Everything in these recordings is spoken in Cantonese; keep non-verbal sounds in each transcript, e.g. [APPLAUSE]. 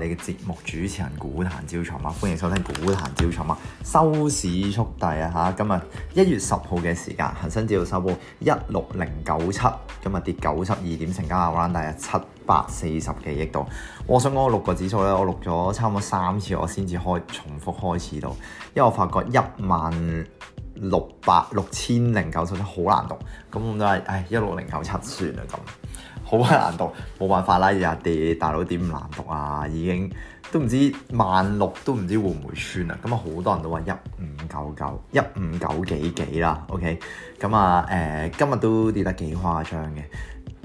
你嘅節目主持人股壇招財貓，歡迎收聽股壇招財貓！收市速遞啊嚇，今日一月十號嘅時間，恒生指數收報一六零九七，今日跌九十二點，成交額彎大約七百四十幾億度。我想講六個指數咧，我錄咗差唔多三次，我先至開重複開始到，因為我發覺一萬六百六千零九十七好難讀，咁都係唉一六零九七算啦咁。好難讀，冇辦法啦！日日跌，大佬點難讀啊？已經都唔知萬六都唔知會唔會穿啊！咁啊好多人都話一五九九、一五九幾幾啦。OK，咁啊誒，今日都跌得幾誇張嘅。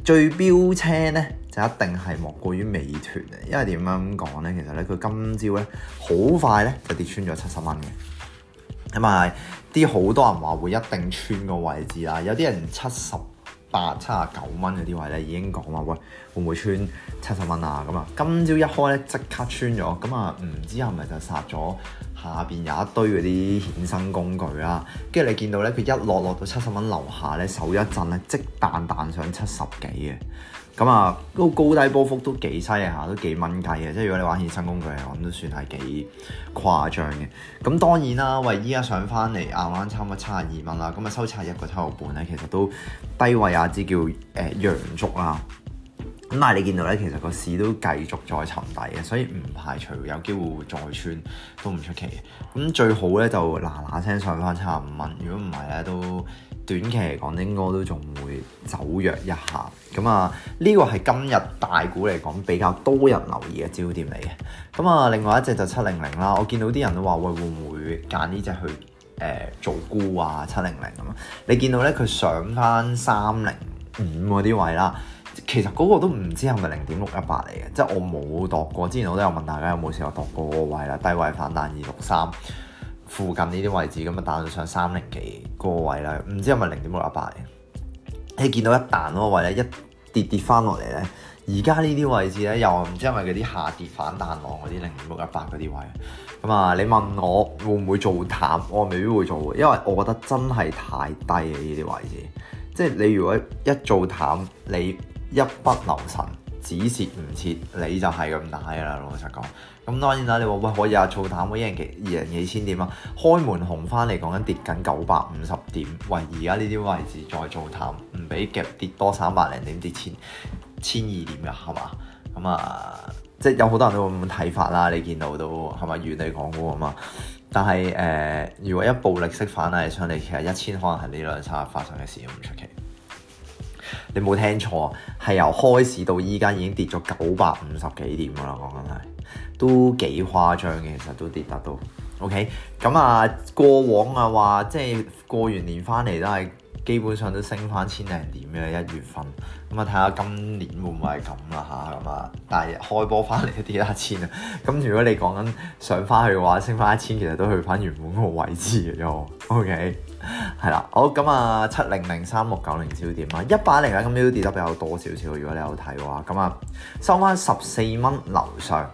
最標青呢，就一定係莫過於美團啊！因為點樣講呢？其實呢，佢今朝呢，好快呢，就跌穿咗七十蚊嘅。咁啊，啲好多人話會一定穿個位置啦，有啲人七十八七啊九蚊嗰啲位咧，已經講話喂，會唔會穿七十蚊啊？咁啊，今朝一開咧，即刻穿咗，咁啊，唔知係咪就殺咗下邊有一堆嗰啲衍生工具啦、啊？跟住你見到咧，佢一落落到七十蚊樓下咧，手一震咧，即彈彈上七十幾嘅。咁啊，個高低波幅都幾犀利，下，都幾蚊計嘅，即係如果你玩衍生工具嘅話，我諗都算係幾誇張嘅。咁當然啦，喂，依家上翻嚟啱啱差唔多七廿二蚊啦，咁啊收差一個七毫半咧，其實都低位啊，之叫誒陽燭啊。咁、呃、但係你見到咧，其實個市都繼續在沉底嘅，所以唔排除有機會再穿都唔出奇。咁最好咧就嗱嗱聲上翻七廿五蚊，如果唔係咧都。短期嚟講，應該都仲會走弱一下。咁啊，呢、這個係今日大股嚟講比較多人留意嘅焦點嚟嘅。咁啊，另外一隻就七零零啦。我見到啲人都話喂，會唔會揀呢隻去誒、呃、做沽啊？七零零咁啊，你見到咧佢上翻三零五嗰啲位啦，其實嗰個都唔知係咪零點六一八嚟嘅，即係我冇度過。之前我都有問大家有冇試過度過個位啦，低位反彈二六三。附近呢啲位置咁啊，打到上三零幾個位啦，唔知係咪零點六一八？你見到一彈嗰個位咧，一跌跌翻落嚟咧，而家呢啲位置咧又唔知係咪嗰啲下跌反彈浪嗰啲零點六一八嗰啲位咁啊？你問我會唔會做淡？我未必會做，因為我覺得真係太低嘅呢啲位置，即係你如果一做淡，你一不留神。止蝕唔切，你就係咁大㗎啦，老實講。咁當然啦，你話喂可以啊，做淡，會一人幾，二人幾千點啊？開門紅翻嚟，講緊跌緊九百五十點，喂，而家呢啲位置再做淡，唔俾夾跌多三百零點，跌千千二點噶，係嘛？咁啊，即係有好多人都會咁睇法啦。你見到都係咪原嚟講過噶嘛？但係誒、呃，如果一暴力式反彈上嚟，其實一千可能係呢兩三日發生嘅事，唔出奇。你冇聽錯，係由開始到依家已經跌咗九百五十幾點噶啦，講緊係都幾誇張嘅，其實都跌得到。OK，咁啊過往啊話即係過完年翻嚟都係基本上都升翻千零點嘅一月份，咁啊睇下今年會唔會係咁啦吓咁啊，但係開波翻嚟都跌一千啊，咁 [LAUGHS] 如果你講緊上翻去嘅話，升翻一千其實都去翻原本個位置嘅啫，OK。係啦，好，咁啊，七零零三六九零焦點啊，一百零咧咁少跌得比較多少少，如果你有睇嘅話，咁、嗯、啊收翻十四蚊樓上，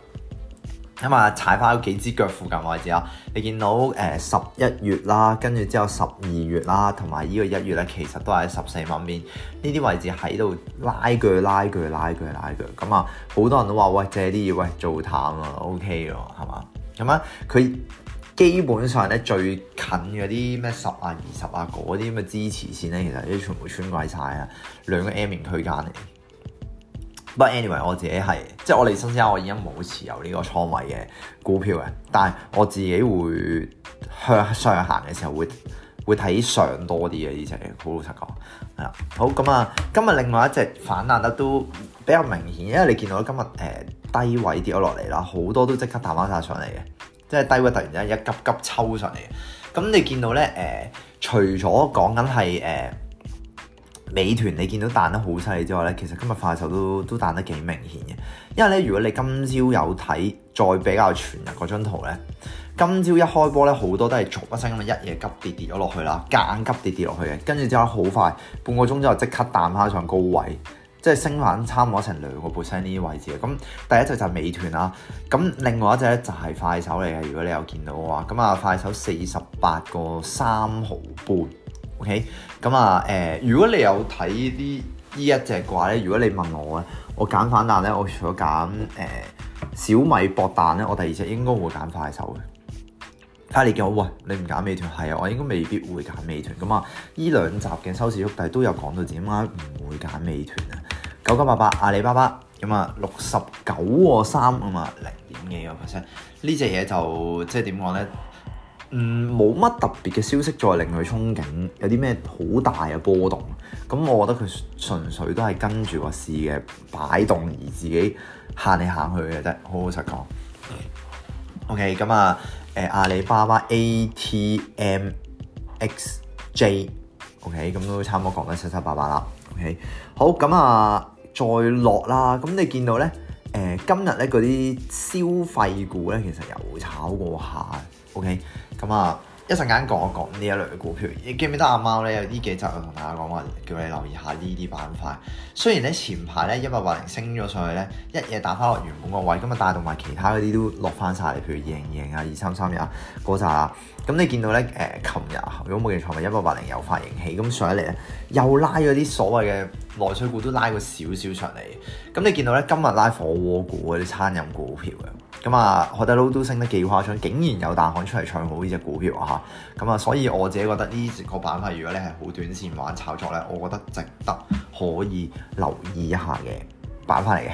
咁啊踩翻嗰幾支腳附近位置啊，你見到誒十一月啦，跟住之後十二月啦，同埋呢個一月咧，其實都係十四蚊邊，呢啲位置喺度拉鋸拉鋸拉鋸拉鋸，咁啊好多人都話喂借啲嘢喂做淡啊，OK 咯，係嘛，咁啊佢。嗯基本上咧，最近嗰啲咩十啊、二十啊嗰啲咁嘅支持線咧，其實啲全部穿過晒啊，兩個 M 形區間嚟。But anyway，我自己係即係我哋新鮮，我已經冇持有呢個倉位嘅股票嘅，但係我自己會向上行嘅時候會會睇上多啲嘅呢隻，好老實講係啦。好咁啊，今日另外一隻反彈得都比較明顯，因為你見到今日誒、呃、低位跌咗落嚟啦，好多都即刻彈翻晒上嚟嘅。即係低位突然之間一急急抽上嚟嘅，咁你見到咧誒、呃，除咗講緊係誒美團，你見到彈得好犀利之外咧，其實今日快手都都彈得幾明顯嘅。因為咧，如果你今朝有睇再比較全日嗰張圖咧，今朝一開波咧，好多都係嘈一聲咁一嘢急跌跌咗落去啦，間急跌跌落去嘅，跟住之後好快半個鐘之後即刻彈返上高位。即係升反差唔多成兩個 percent 呢啲位置啊，咁第一隻就係美團啦，咁另外一隻咧就係快手嚟嘅。如果你有見到嘅話，咁啊快手四十八個三毫半，OK，咁啊誒，如果你有睇呢依一隻嘅話咧，如果你問我咧，我揀反彈咧，我除咗揀誒小米博彈咧，我第二隻應該會揀快手嘅。睇你叫我，喂，你唔揀美團係啊，我應該未必會揀美團咁啊。呢兩集嘅收市速遞都有講到點解唔會揀美團啊。九九八八阿里巴巴咁啊，六十九個三咁啊，零點幾個 percent。呢隻嘢就即係點講咧？嗯，冇乜特別嘅消息再令佢憧憬，有啲咩好大嘅波動？咁我覺得佢純粹都係跟住個市嘅擺動而自己行嚟行去嘅啫，好好實講。OK，咁啊。誒、呃、阿里巴巴 ATMXJ，OK，、okay? 咁都差唔多講緊七七八八啦。OK，好咁啊，再落啦。咁你見到咧，誒、呃、今日咧嗰啲消費股咧，其實有炒過下。OK，咁啊。一陣間講一講呢一類嘅股票，你記唔記得阿貓咧有呢幾集我同大家講話，叫你留意下呢啲板塊。雖然咧前排咧一八八零升咗上去咧，一夜打翻落原本個位，咁啊帶動埋其他嗰啲都落翻晒嚟，譬如盈盈啊、二三三也嗰扎。咁你見到咧誒，琴、呃、日如果冇記錯咪一八八零又發型起，咁上一嚟咧又拉嗰啲所謂嘅內需股都拉過少少上嚟。咁你見到咧今日拉火鍋股嗰啲餐飲股票嘅。咁啊，海底撈都升得幾誇張，竟然有大行出嚟唱好呢隻股票啊！嚇，咁啊，所以我自己覺得呢個板塊如果你係好短線玩炒作咧，我覺得值得可以留意一下嘅板塊嚟嘅。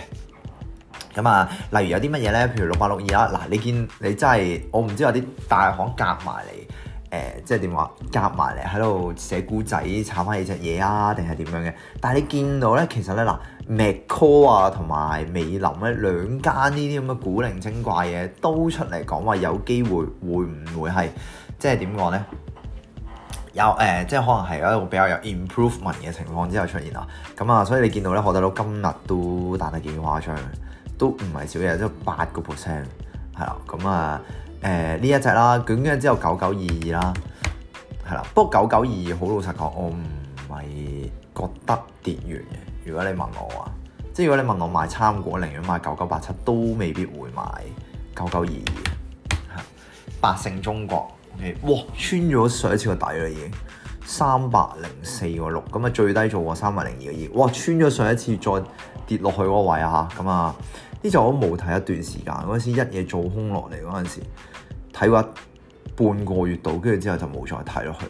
咁啊，例如有啲乜嘢咧？譬如六八六二啦，嗱，你見你真係，我唔知有啲大行夾埋嚟。誒，即係點話夾埋嚟喺度寫故仔炒翻呢隻嘢啊，定係點樣嘅？但係你見到咧，其實咧嗱，Macquarie 啊同埋美林咧，啊，兩間呢啲咁嘅古靈精怪嘢都出嚟講話有機會會唔會係即係點講咧？有誒、呃，即係可能係一個比較有 improvement 嘅情況之後出現啊。咁啊，所以你見到咧，何得佬今日都彈得幾誇張，都唔係少嘢，即係八個 percent 係啦。咁啊。誒呢、呃、一隻啦，卷咗之後九九二二啦，係啦，不過九九二二好老實講，我唔係覺得跌完嘅。如果你問我啊，即係如果你問我買參股，寧願買九九八七都未必會買九九二二。嚇，百勝中國，OK，哇，穿咗上一次嘅底啦已經。三百零四個六咁啊，6, 最低做過三百零二個二，哇！穿咗上一次再跌落去嗰位啊，咁啊，呢就我冇睇一段時間，嗰陣時一夜做空落嚟嗰陣時，睇過半個月度，跟住之後就冇再睇落去。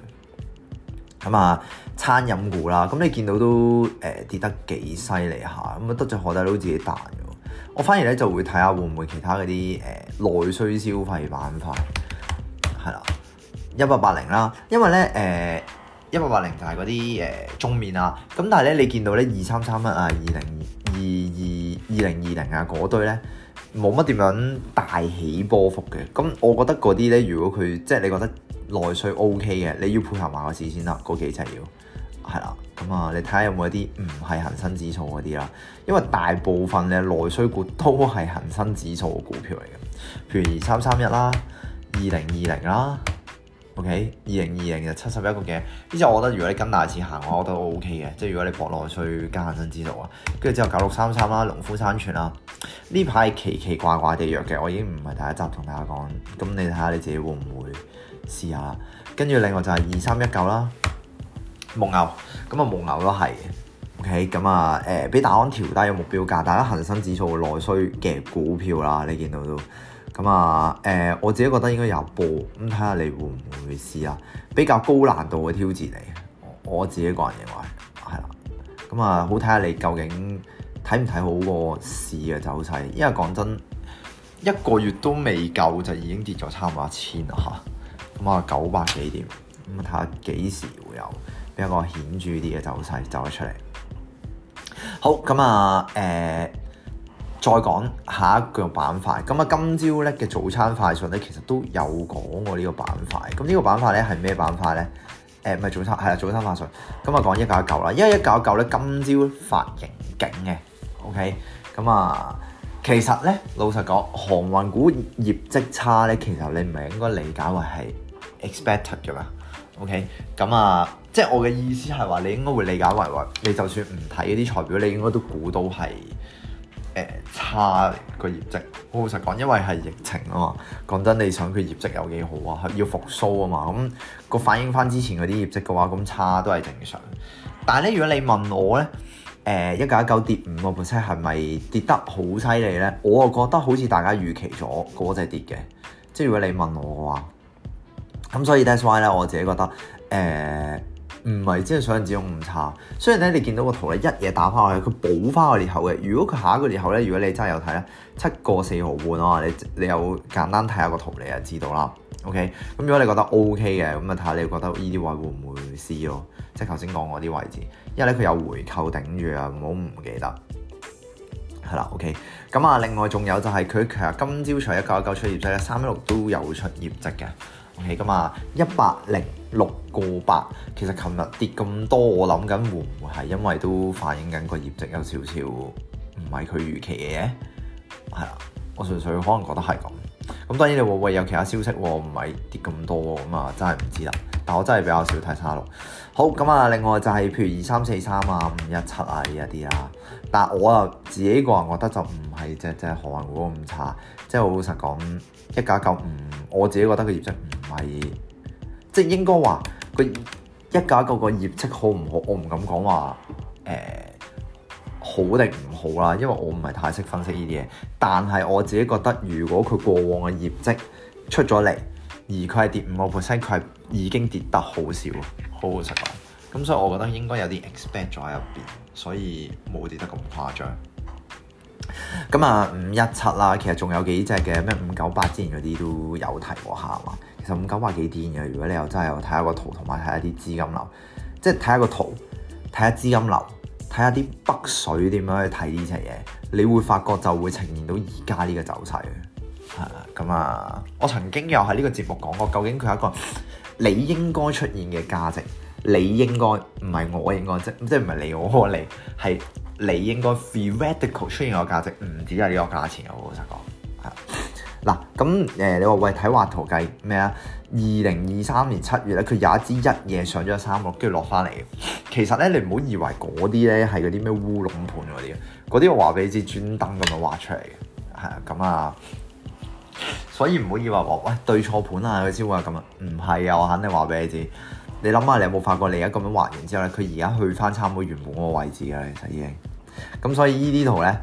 咁啊，餐飲股啦，咁你見到都誒跌得幾犀利吓，咁啊得著海底撈自己彈咗。我反而咧就會睇下會唔會其他嗰啲誒內需消費板塊係啦，一八八零啦，因為咧誒。呃一百八零就係嗰啲誒中面啊，咁但係咧你見到咧二三三一啊、二零二二二零二零啊嗰堆咧冇乜點樣大起波幅嘅，咁我覺得嗰啲咧如果佢即係你覺得內需 O K 嘅，你要配合埋個市先得，幾個技術要係啦。咁啊，你睇下有冇一啲唔係恒生指數嗰啲啦，因為大部分嘅內需股都係恒生指數嘅股票嚟嘅，譬如二三三一啦、二零二零啦。O K，二零二零就七十一個嘅，呢隻我覺得如果你跟大市行，我覺得 O K 嘅，即係如果你博內需加恒生指數啊，跟住之後九六三三啦、農夫山泉啦，呢排奇奇怪怪地弱嘅，我已經唔係第一集同大家講，咁你睇下你自己會唔會試下啦，跟住另外就係二三一九啦、蒙牛，咁啊蒙牛都係，O K，咁啊誒俾大安調低目標價，大家恒生指數嘅內需嘅股票啦，你見到都。咁啊，誒、欸，我自己覺得應該有波，咁睇下你會唔會試下比較高難度嘅挑戰嚟，我自己個人認為係啦。咁啊，好睇下你究竟睇唔睇好個市嘅走勢，因為講真，一個月都未夠就已經跌咗差唔多一千啦嚇，咁啊九百幾點，咁啊睇下幾時會有比較一個顯著啲嘅走勢走咗出嚟。好，咁、嗯、啊，誒、欸。再講下一個板塊，咁啊，今朝咧嘅早餐快訊咧，其實都有講過呢個板塊。咁呢個板塊咧係咩板塊咧？唔、呃、唔係早餐係啊，早餐快訊。咁啊，講一九一九啦，因為一九一九咧，今朝發盈警嘅。OK，咁、嗯、啊，其實咧，老實講，航運股業績差咧，其實你唔係應該理解為係 expected 嘅咩？OK，咁、嗯、啊，即係我嘅意思係話，你應該會理解為話，你就算唔睇啲財報，你應該都估到係。差個、呃、業績，好老實講，因為係疫情啊嘛。講真，你想佢業績有幾好啊？要復甦啊嘛。咁、嗯、個反映翻之前嗰啲業績嘅話，咁差都係正常。但係咧，如果你問我咧，誒、呃，一九一九跌五個 percent 係咪跌得好犀利咧？我就覺得好似大家預期咗，個隻跌嘅。即係如果你問我嘅話，咁所以 that's why 咧，我自己覺得，誒、呃。唔係真係想像之中唔差，雖然咧你見到個圖咧一嘢打翻落去，佢補翻個裂口嘅。如果佢下一個裂口咧，如果你真係有睇咧，七個四毫半啊、哦，你你有簡單睇下個圖你就知道啦。OK，咁如果你覺得 OK 嘅，咁啊睇下你覺得呢啲位會唔會 C 咯，即係頭先講嗰啲位置，因為咧佢有回購頂住啊，唔好唔記得係啦。OK，咁啊另外仲有就係、是、佢其實今朝除咗一九一九出業績咧，三一六都有出業績嘅。起噶嘛？一百零六個八，其實琴日跌咁多，我諗緊會唔會係因為都反映緊個業績有少少唔係佢預期嘅？係啊，我純粹可能覺得係咁咁。當然你會唔會有其他消息、哦？唔係跌咁多咁啊，真係唔知啦。但我真係比較少睇差六好咁啊。另外就係、是、譬如二三四三啊、五一七啊呢一啲啊，但我啊自己個人覺得就唔係隻隻恆股咁差，即係老實講一九九五我自己覺得個業績唔係，即係應該話佢一家個個業績好唔好？我唔敢講話誒好定唔好啦，因為我唔係太識分析呢啲嘢。但係我自己覺得，如果佢過往嘅業績出咗嚟，而佢係跌五個 percent，佢係已經跌得好少，好好食講。咁所以我覺得應該有啲 expect 咗喺入邊，所以冇跌得咁誇張。咁啊，五一七啦，其實仲有幾隻嘅咩五九八之前嗰啲都有提過下嘛。就唔敢話幾癲嘅。如果你又真係有睇下個圖，同埋睇一啲資金流，即係睇下個圖，睇下資金流，睇下啲北水點樣去睇呢隻嘢，你會發覺就會呈現到而家呢個走勢。咁啊，啊，我曾經又喺呢個節目講過，究竟佢係一個你應該出現嘅價值，你應該唔係我應該，即即係唔係你我我你係你應該 theoretical 出現嘅價值，唔止係呢個價錢。我老實講。嗱，咁誒、欸，你話喂睇畫圖計咩啊？二零二三年七月咧，佢有一支一夜上咗三個，跟住落翻嚟。其實咧，你唔好以為嗰啲咧係嗰啲咩烏龍盤嗰啲，嗰啲我話俾你知專登咁樣畫出嚟嘅，係啊，咁啊，所以唔好以為話喂對錯盤啊，佢先會啊咁啊，唔係啊，我肯定話俾你知，你諗下，你有冇發覺你而家咁樣畫完之後咧，佢而家去翻差唔多原本個位置嘅啦，已經。咁所以呢啲圖咧。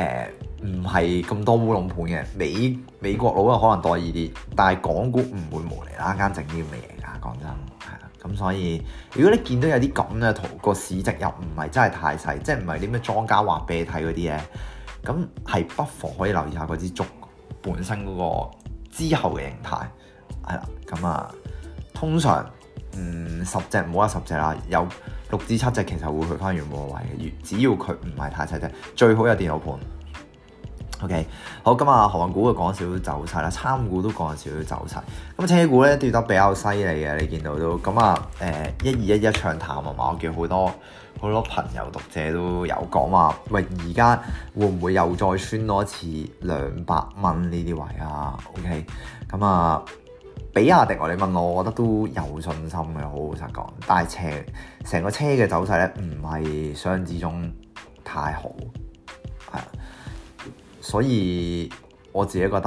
誒，唔係咁多烏龍盤嘅，美美國佬可能多一啲，但係港股唔會無釐啦，間整啲咁嘅嘢㗎，講真。係啦。咁所以，如果你見到有啲咁嘅圖，個市值又唔係真係太細，即係唔係啲咩莊家話俾你睇嗰啲嘢，咁係不妨可以留意下嗰支竹本身嗰、嗰個之後嘅形態，係啦。咁啊，通常嗯十隻好啦，十隻啦，有。六至七隻其實會去返原本位嘅，越，只要佢唔係太細隻，最好有電腦盤。OK，好咁啊，韓股嘅講少少走勢啦，參股都講少少走勢。咁車股咧跌得比較犀利嘅，你見到都咁啊誒，一二一一唱淡啊嘛，我見好多好多朋友讀者都有講話，喂，而家會唔會又再穿多一次兩百蚊呢啲位啊？OK，咁啊。比亞迪我你問我，我覺得都有信心嘅，好老實講。但係車，成個車嘅走勢咧，唔係想像之中太好，係所以我自己覺得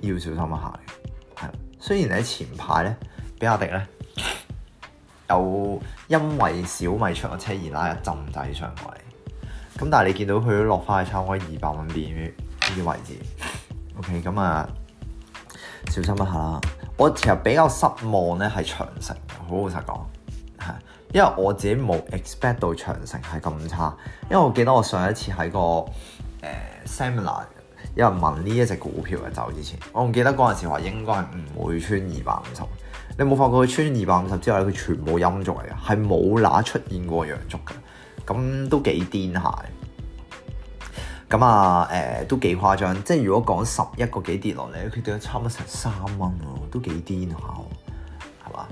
要小心一下嘅，係。雖然喺前排咧，比亞迪咧有因為小米出個車而拉一陣仔上位，咁但係你見到佢落翻去差唔多二百蚊邊呢啲位置。OK，咁啊，小心一下啦。我其實比較失望咧，係長城，好老實講，係，因為我自己冇 expect 到長城係咁差，因為我記得我上一次喺個誒、呃、seminar 有人問呢一隻股票嘅走之前，我唔記得嗰陣時話應該係唔會穿二百五十。你冇發覺佢穿二百五十之後，佢全部陰燭嚟嘅，係冇哪出現過陽燭嘅，咁都幾癲下。咁啊，誒、欸、都幾誇張，即係如果講十一個幾下跌落嚟，佢跌到差唔多成三蚊喎，都幾癲嚇，係嘛？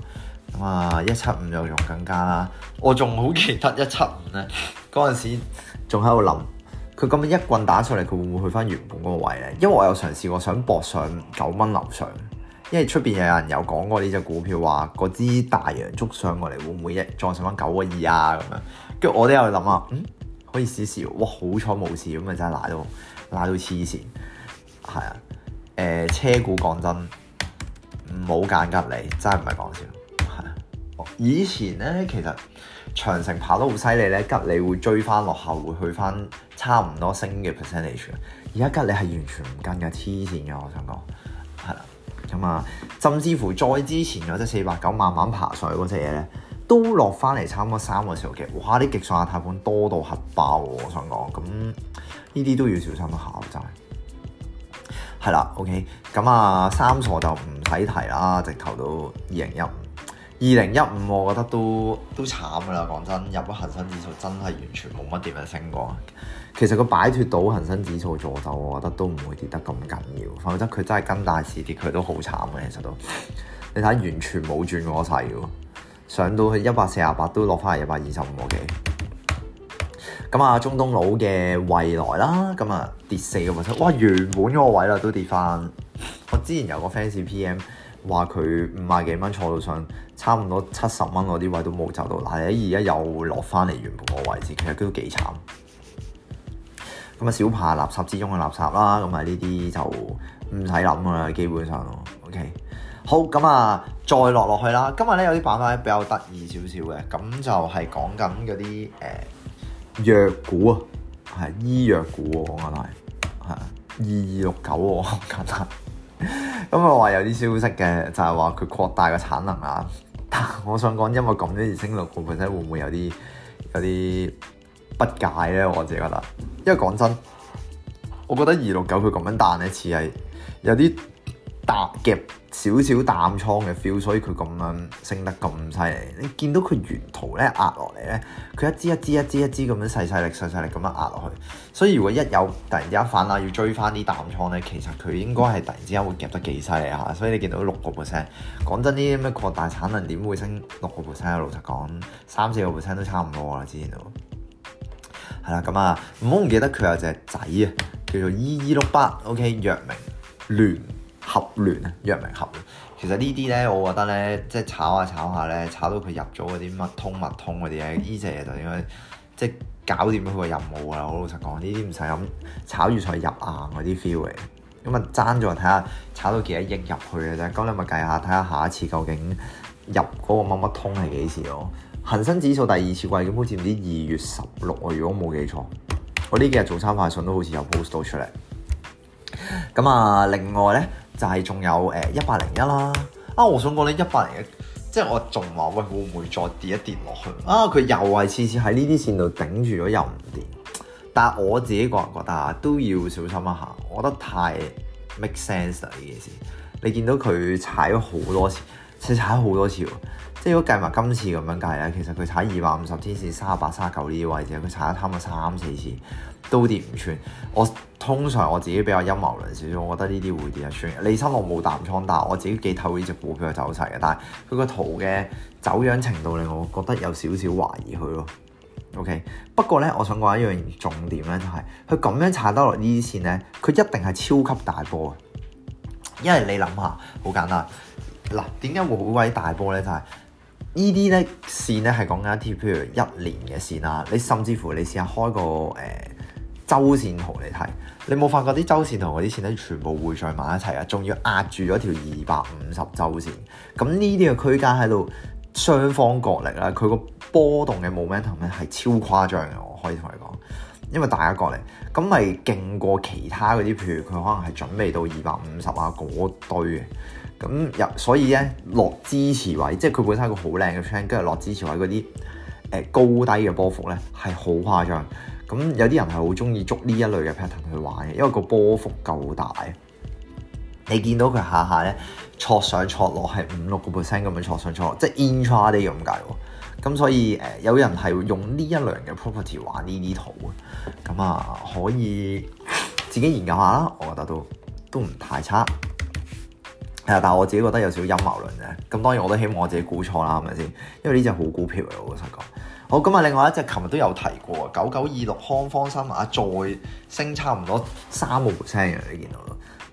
咁啊，一七五又仲更加啦，我仲好記得一七五咧，嗰 [LAUGHS] 陣時仲喺度諗，佢咁樣一棍打出嚟，佢會唔會去翻原本嗰個位咧？因為我有嘗試過想搏上九蚊樓上，因為出邊有人有講過呢隻股票話，嗰支大陽燭上嚟會唔會一撞上翻九個二啊？咁樣，跟住我都有諗啊，嗯。可以試試喎，哇！好彩冇事咁咪真係賴到賴到黐線，係啊。誒、呃，車股講真，唔好揀吉利，真係唔係講笑。係啊，以前咧其實長城爬得好犀利咧，吉利會追翻落後，會去翻差唔多升嘅 percentage。而家吉利係完全唔跟嘅，黐線嘅，我想講係啦。咁啊，甚至乎再之前嗰隻四八九慢慢爬上去嗰隻嘢咧。都落翻嚟，差唔多三個小時嘅，哇！啲極算亞太盤多到核爆喎，我想講，咁呢啲都要小心一、啊、下，真係。係啦，OK，咁啊，三傻就唔使提啦，直頭到二零一五。二零一五，我覺得都都慘㗎喇，講真，入咗恒生指數真係完全冇乜點樣升過。其實佢擺脫到恒生指數助走，我覺得都唔會跌得咁緊要。否則佢真係跟大市跌，佢都好慘嘅。其實都， [LAUGHS] 你睇完全冇轉過勢喎。上到去一百四十八都落翻嚟一百二十五個幾，咁啊，中東佬嘅未來啦，咁啊跌四個 p e 哇，原本嗰個位啦都跌翻，我之前有個 fans P M 話佢五萬幾蚊坐到上，差唔多七十蚊，我啲位都冇執到，嗱，喺而家又落翻嚟原本個位置，其實都幾慘。咁啊，小帕垃圾之中嘅垃圾啦，咁啊呢啲就唔使諗啦，基本上，OK。好，咁啊，再落落去啦。今日咧有啲板塊比較得意少少嘅，咁就係講緊嗰啲誒藥股啊，係醫藥股，我講緊係係二二六九喎，簡單咁啊話有啲消息嘅，就係話佢擴大個產能啊。但 [LAUGHS] 我想講，因為講啲二升六股本身會唔會有啲有啲不解咧？我自己覺得，因為講真，我覺得二六九佢咁樣彈咧似係有啲搭夾。少少淡倉嘅 feel，所以佢咁樣升得咁犀利。你見到佢沿途咧壓落嚟咧，佢一支一支一支一支咁樣細細力細細力咁樣壓落去。所以如果一有突然之間反彈要追翻啲淡倉咧，其實佢應該係突然之間會夾得幾犀利嚇。所以你見到六個 percent，講真啲咩擴大產能點會升六個 percent？老實講，三四個 percent 都差唔多啦，之前度係啦。咁啊，唔好唔記得佢有隻仔啊，叫做依依六八，OK，藥明聯。合聯啊，藥明合聯啊，其實呢啲咧，我覺得咧，即係炒下炒下咧，炒到佢入咗嗰啲乜通乜通嗰啲咧，呢隻嘢就應該即係搞掂佢個任務啦。我老實講，呢啲唔使咁炒住再入啊，嗰啲 feeling。咁啊，爭咗。睇下炒到幾多億入去嘅啫。咁你咪計下睇下下一次究竟入嗰個乜乜通係幾時咯？恒生指數第二次季，嘅好似唔知二月十六喎。如果冇記錯，我呢幾日早餐快訊都好似有 post 到出嚟。咁啊，另外咧。就係仲有誒一百零一啦，啊！我想講呢一百零一，即係我仲話喂，會唔會再跌一跌落去啊？佢又係次次喺呢啲線度頂住咗，又唔跌。但係我自己個人覺得啊，都要小心一下，我覺得太 make sense 啦呢件事。你見到佢踩咗好多次。佢踩好多次喎，即係如果計埋今次咁樣計咧，其實佢踩二百五十天線三十八、三十九呢啲位置，佢踩咗貪咗三四次都跌唔穿。我通常我自己比較陰謀論少少，我覺得呢啲會跌一穿。利申我冇淡倉，但係我自己幾睇呢隻股票嘅走勢嘅，但係佢個圖嘅走樣程度令我覺得有少少懷疑佢咯。OK，不過咧，我想講一樣重點咧，就係佢咁樣踩得落呢啲線咧，佢一定係超級大波嘅，因為你諗下，好簡單。嗱，點解會好鬼大波呢？就係呢啲咧線呢，係講緊一啲，譬如一年嘅線啊，你甚至乎你試下開個誒週線圖嚟睇，你冇發覺啲周線圖嗰啲線呢，全部匯聚埋一齊啊，仲要壓住咗條二百五十周線。咁呢啲嘅區間喺度雙方角力啦，佢個波動嘅 momentum 咧係超誇張嘅。我可以同你講，因為大家角力，咁咪勁過其他嗰啲，譬如佢可能係準備到二百五十啊嗰堆嘅。咁入、嗯、所以咧落支持位，即係佢本身係一個好靚嘅 trend 跟住落支持位嗰啲誒高低嘅波幅咧係好誇張。咁有啲人係好中意捉呢一類嘅 pattern 去玩嘅，因為個波幅夠大。你見到佢下下咧挫上挫落係五六個 percent 咁樣挫上挫落，即係 intraday 咁計喎。咁所以誒、呃、有人係用呢一類嘅 property 玩呢啲圖啊，咁啊可以自己研究下啦。我覺得都都唔太差。係啊，但係我自己覺得有少少陰謀論啫。咁當然我都希望我自己估錯啦，係咪先？因為呢隻好股票嚟，老實講。好咁啊，另外一隻琴日都有提過，九九二六康方生物再升差唔多三個 percent 嘅，你見到，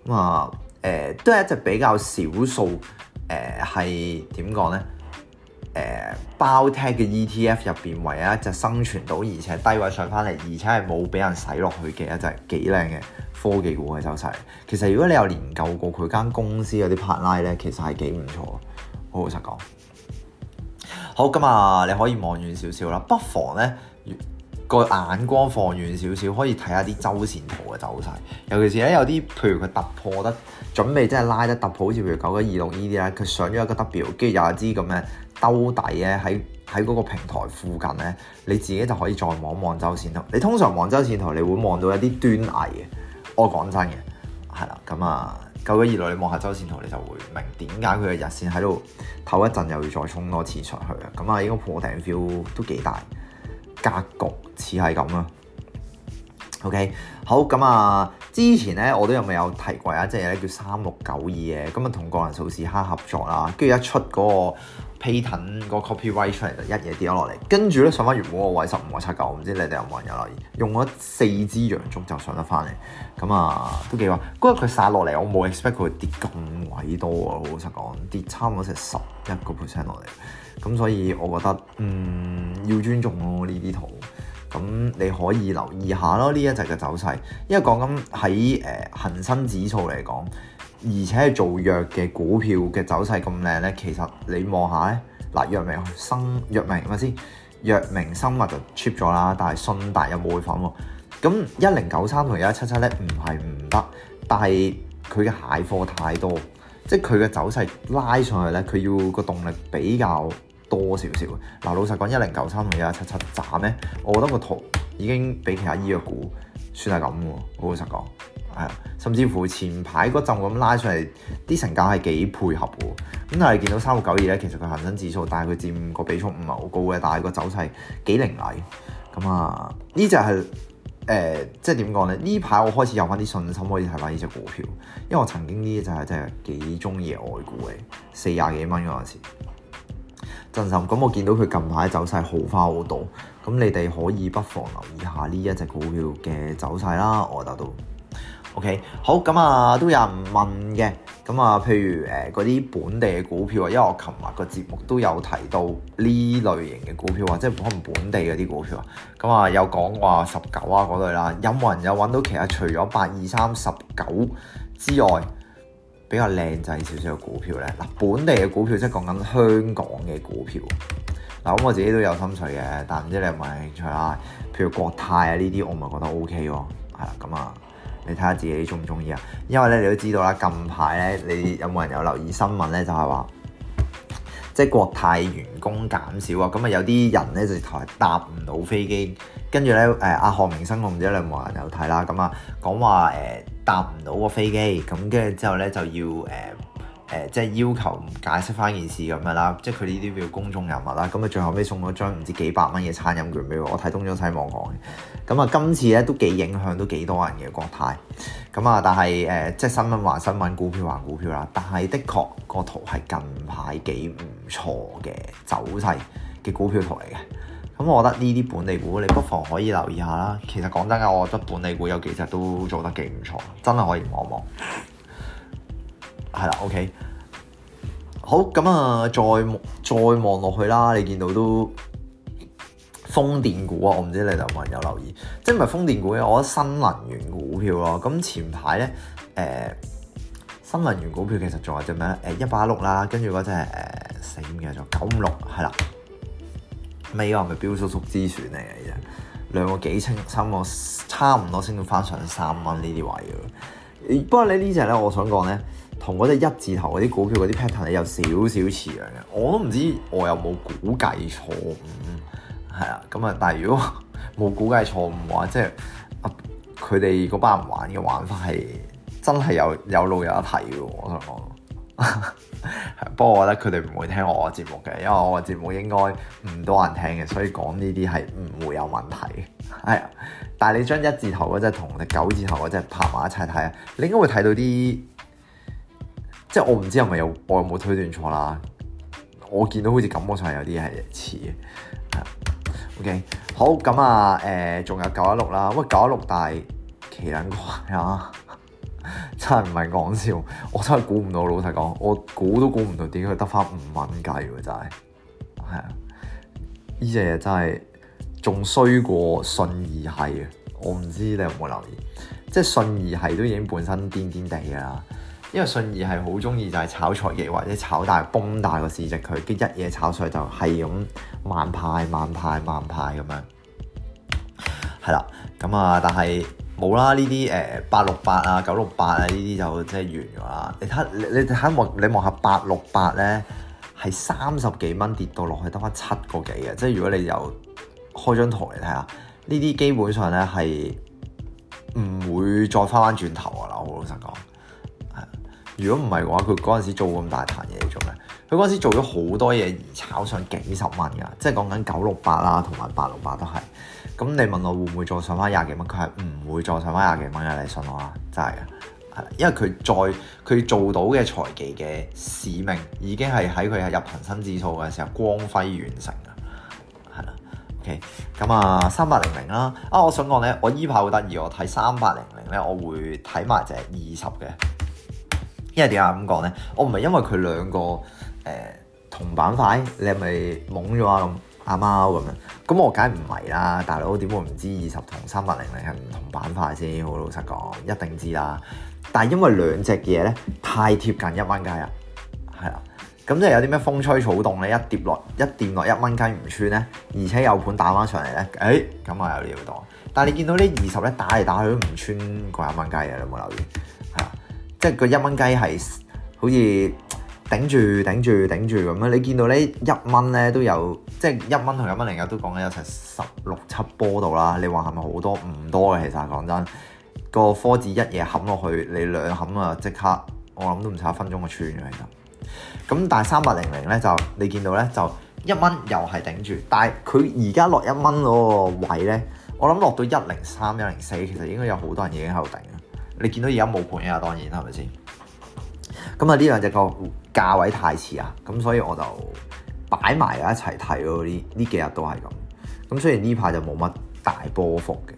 咁啊，誒、呃、都係一隻比較少數，誒係點講咧？誒包、uh, Tech 嘅 ETF 入邊，唯一一隻生存到，而且低位上翻嚟，而且係冇俾人洗落去嘅一隻幾靚嘅科技股嘅走勢。其實如果你有研究過佢間公司嗰啲 partner 咧，其實係幾唔錯，好好實講。好咁啊，你可以望遠少少啦，不妨咧個眼光放遠少少，可以睇下啲周線圖嘅走勢。尤其是咧有啲，譬如佢突破得，準備即係拉得突破得，好似譬如九一、二六呢啲咧，佢上咗一個 W，跟住有一支咁樣。兜底咧，喺喺嗰個平台附近咧，你自己就可以再望望周線圖。你通常望周線圖，你會望到一啲端倪嘅。我講真嘅，係啦，咁啊，久咗以來你望下周線圖，你就會明點解佢嘅日線喺度唞一陣又要再衝多次出去啊。咁啊，呢個破頂 feel 都幾大，格局似係咁啊。OK，好咁啊，嗯！之前咧我都有咪有提過啊，即係咧叫三六九二嘅，咁啊同個人數字蝦合作啦，跟住一出嗰個 pattern 嗰個 copyright 出嚟就一嘢跌咗落嚟，跟住咧上翻原本個位十五個七九，唔知你哋有冇人有留意？用咗四支陽燭就上得翻嚟，咁啊都幾哇！嗰日佢曬落嚟，我冇 expect 佢會跌咁鬼多啊。好老實講跌差唔多成十一個 percent 落嚟，咁所以我覺得嗯要尊重咯呢啲圖。咁你可以留意下咯，呢一隻嘅走勢，因為講緊喺誒恆生指數嚟講，而且係做藥嘅股票嘅走勢咁靚咧，其實你望下咧，嗱藥明生、藥明咁啊先，藥明生物就 cheap 咗啦，但係信達有冇會反喎？咁一零九三同一一七七咧唔係唔得，但係佢嘅蟹貨太多，即係佢嘅走勢拉上去咧，佢要個動力比較多少少嗱，老實講，一零九三同一七七渣咧，我覺得個圖已經比其他醫藥股算係咁喎。老實講，係啊，甚至乎前排嗰陣咁拉出嚟，啲成交係幾配合嘅。咁但係見到三六九二咧，其實佢恒生指數，但係佢佔個比重唔係好高嘅，但係個走勢幾凌厲。咁啊，呢隻係誒，即係點講咧？呢排我開始有返啲信心可以睇返呢隻股票，因為我曾經呢隻係真係幾鍾意外股嘅，四廿幾蚊嗰陣時。真心咁，我見到佢近排走勢好花好多，咁你哋可以不妨留意下呢一隻股票嘅走勢啦，我覺得都 OK 好。好咁啊，都有人問嘅，咁啊，譬如誒嗰啲本地嘅股票啊，因為我琴日個節目都有提到呢類型嘅股票啊，即係可能本地嗰啲股票啊，咁啊有講話十九啊嗰類啦，有冇人有揾到其實除咗八二三十九之外？比較靚仔少少嘅股票呢，嗱本地嘅股票即係講緊香港嘅股票，嗱咁我自己都有，心有，有，有興趣嘅，但唔知你有冇興趣啦。譬如國泰啊呢啲，我咪覺得 OK 咯，係啦咁啊，你睇下自己鍾唔鍾意啊。因為呢，你都知道啦，近排呢，你有冇人有留意新聞呢？就係話。即係國泰員工減少啊，咁啊有啲人咧直頭係搭唔到飛機，跟住咧誒阿何明生我唔知你有冇人有睇啦，咁啊講話誒搭唔到個飛機，咁跟住之後咧就要誒誒即係要求解釋翻件事咁樣啦，即係佢呢啲叫公眾人物啦，咁啊最後尾送咗張唔知幾百蚊嘅餐飲券俾我，我睇東張西望講咁啊，今次咧都幾影響，都幾多人嘅國泰。咁啊，但係誒，即係新聞話新聞，股票話股票啦。但係的確個圖係近排幾唔錯嘅走勢嘅股票圖嚟嘅。咁我覺得呢啲本地股，你不妨可以留意下啦。其實講真嘅，我覺得本地股有幾隻都做得幾唔錯，真係可以望一望。係 [LAUGHS] 啦，OK。好，咁啊，再再望落去啦，你見到都。風電股啊，我唔知你哋有冇人有留意，即係唔係風電股嘅，我覺得新能源股票咯。咁前排咧，誒、欸、新能源股票其實仲有隻咩咧？誒一八六啦，跟住嗰隻誒四五嘅，仲九五六係啦。尾嗰個係標叔叔之選嚟嘅，依家兩個幾升，三個差唔多差唔多升到翻上三蚊呢啲位嘅。不過你呢隻咧，我想講咧，同嗰啲一字頭嗰啲股票嗰啲 pattern 有少少似樣嘅，我都唔知我有冇估計錯誤。係啊，咁啊，但係如果冇估計錯誤嘅話，即係佢哋嗰班人玩嘅玩法係真係有有路有得睇嘅，我想講。不 [LAUGHS] 過我覺得佢哋唔會聽我嘅節目嘅，因為我嘅節目應該唔多人聽嘅，所以講呢啲係唔會有問題。係啊，但係你將一字頭嗰隻同隻九字頭嗰隻拍埋一齊睇啊，你應該會睇到啲，即係我唔知係咪有，我有冇推斷錯啦？我見到好似感覺上係有啲係似嘅。O、okay, K，好，咁啊，誒，仲、呃、有九一六啦，喂，九一六大奇難怪啊，真係唔係講笑，我真係估唔到，老實講，我估都估唔到點解佢得返五蚊雞喎，真係，係啊，呢隻嘢真係仲衰過信義系啊，我唔知你有冇留意，即係信義系都已經本身顛顛地㗎啦。因為信義係好中意就係炒菜翼或者炒大崩大個市值佢，跟一嘢炒碎就係咁慢派慢派慢派咁樣，係啦，咁啊，但係冇啦，呢啲誒八六八啊九六八啊呢啲就真係完咗啦。你睇你你睇望你望下八六八咧，係三十幾蚊跌到落去得翻七個幾嘅，即係如果你由開張圖嚟睇下，呢啲基本上咧係唔會再翻翻轉頭噶啦，我老實講。如果唔係嘅話，佢嗰陣時做咁大壇嘢做咩？佢嗰陣時做咗好多嘢而炒上幾十蚊噶，即係講緊九六八啦，同埋八六八都係。咁你問我會唔會再上翻廿幾蚊？佢係唔會再上翻廿幾蚊嘅，你信我啊，真係啊，係啦，因為佢再佢做到嘅財技嘅使命已經係喺佢係入恆生指數嘅時候光輝完成㗎，係啦。OK，咁啊，三八零零啦。啊，我想講咧，我依排好得意，我睇三八零零咧，我會睇埋隻二十嘅。因為點解咁講呢？我唔係因為佢兩個誒、呃、同板塊，你係咪懵咗啊？咁阿貓咁樣，咁我梗係唔係啦？大佬點會唔知二十同三百零零係唔同板塊先？我老實講，一定知啦。但係因為兩隻嘢呢，太貼近一蚊雞啊，係啦。咁即係有啲咩風吹草動呢？一跌落一跌落一蚊雞唔穿呢，而且有盤打翻上嚟呢。誒、哎、咁我有料到。但係你見到呢二十呢，打嚟打去都唔穿過一蚊雞嘅，你有冇留意？即係個一蚊雞係好似頂住頂住頂住咁樣！你見到呢一蚊咧都有，即係一蚊同一蚊零啊都講緊有成十六七波度啦！你話係咪好多唔多嘅，其實講真，個科字一夜冚落去，你兩冚啊，即刻，我諗都唔差一分鐘就穿嘅其實。咁但係三百零零咧就你見到咧就一蚊又係頂住，但係佢而家落一蚊嗰個位咧，我諗落到一零三一零四其實應該有好多人已經喺度頂。你見到而家冇盤啊，當然係咪先？咁啊，呢兩隻個價位太似啊，咁所以我就擺埋一齊睇咯。呢呢幾日都係咁。咁雖然呢排就冇乜大波幅嘅。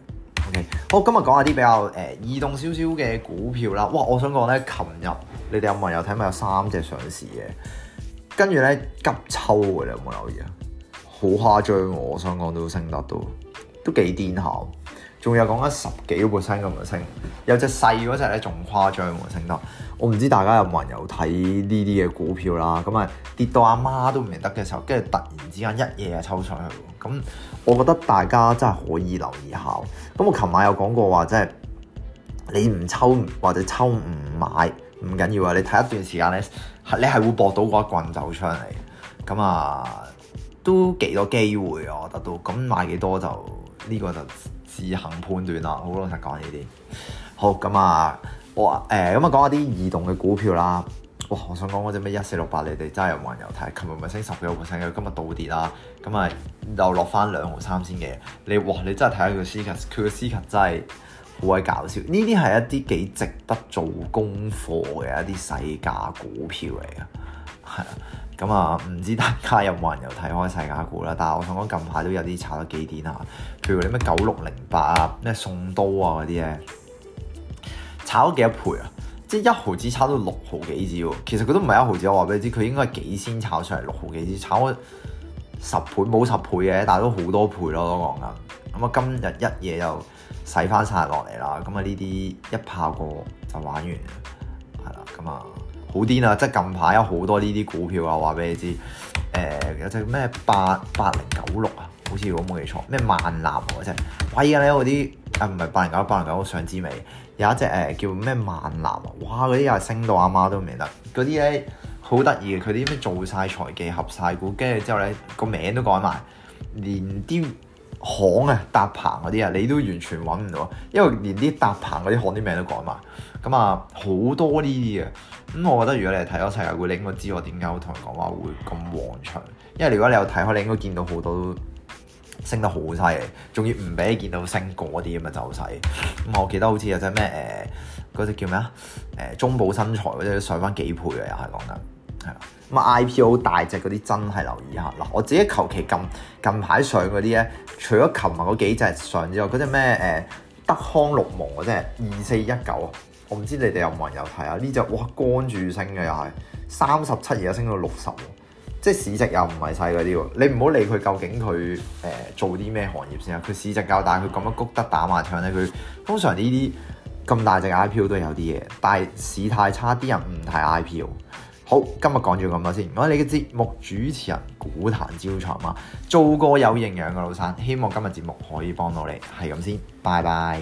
OK，好，今日講下啲比較誒、欸、移動少少嘅股票啦。哇，我想講咧，琴日你哋有冇有睇埋有三隻上市嘅？跟住咧急抽嘅，你有冇留意啊？好誇張，我想講都升得多，都幾顛悍。仲有講緊十幾個 percent 咁嘅升，有隻細嗰隻咧仲誇張喎升得，我唔知大家有冇人有睇呢啲嘅股票啦，咁啊跌到阿媽都唔認得嘅時候，跟住突然之間一夜啊抽上去，咁我覺得大家真係可以留意下。咁我琴晚有講過話，即係你唔抽或者抽唔買唔緊要啊，你睇一段時間咧，你係會博到嗰一棍走出嚟。咁啊都幾多機會啊，我覺得都，咁買幾多就呢、呢個就。自行判斷啦，好老實講呢啲。好咁啊，哇誒咁啊，講下啲異動嘅股票啦。哇，我想講嗰隻咩一四六八，你哋真係有冇人有睇？琴日咪升十幾個 percent 嘅，今日倒跌啦。咁啊又落翻兩毫三仙嘅，你，哇，你真係睇下佢嘅 c u 佢嘅 c u 真係好鬼搞笑。呢啲係一啲幾值得做功課嘅一啲細價股票嚟嘅，係啊。咁啊，唔知大家有冇人又睇開世界股啦？但係我想講近排都有啲炒得幾顛下，譬如你咩九六零八啊、咩宋都啊嗰啲咧，炒咗幾多倍啊？即係一毫子炒到六毫幾子喎。其實佢都唔係一毫子，我話俾你知，佢應該幾先炒出嚟六毫幾子，炒十倍冇十倍嘅，但係都好多倍咯。都講緊咁啊，今日一夜就洗翻晒落嚟啦。咁啊，呢啲一炮過就玩完係啦。咁啊～好癲啊！即係近排有好多呢啲股票啊，話俾你知，誒有隻咩八八零九六啊，好似我冇記錯咩萬南喎，即係威啊！咧嗰啲啊唔係八零九八零九，上知未？有一隻誒、啊啊啊呃、叫咩萬南啊，哇！嗰啲又係升到阿媽都唔認得嗰啲咧，好得意嘅佢啲咩做晒財技合晒股，跟住之後咧個名都改埋，連啲行啊搭棚嗰啲啊，你都完全揾唔到，因為連啲搭棚嗰啲行啲名都改埋，咁啊好多呢啲嘅。咁、嗯、我覺得如果你係睇咗世界會，你應該知我點解會同人講話會咁黃出。因為如果你有睇開，你應該見到好多都升得好犀利，仲要唔俾你見到升過啲咁啊就使。咁、嗯、我記得好似有隻咩誒嗰隻叫咩啊？誒、呃、中保新材嗰隻上翻幾倍啊！又係講緊，係啦。咁、嗯、啊 IPO 大隻嗰啲真係留意下。嗱、呃，我自己求其撳近排上嗰啲咧，除咗琴日嗰幾隻上之外，嗰隻咩誒、呃、德康綠盟嗰隻二四一九。我唔知你哋有冇人有睇啊？呢隻哇，乾住升嘅又係三十七而家升到六十喎，即係市值又唔係細嗰啲喎。你唔好理佢究竟佢誒、呃、做啲咩行業先啊？佢市值較大，佢咁樣谷得打麻雀咧，佢通常呢啲咁大隻 IPO 都有啲嘢，但係市太差啲人唔睇 IPO。好，今日講住咁多先。如果你嘅節目主持人股壇招財貓，做個有營養嘅老生，希望今日節目可以幫到你，係咁先，拜拜。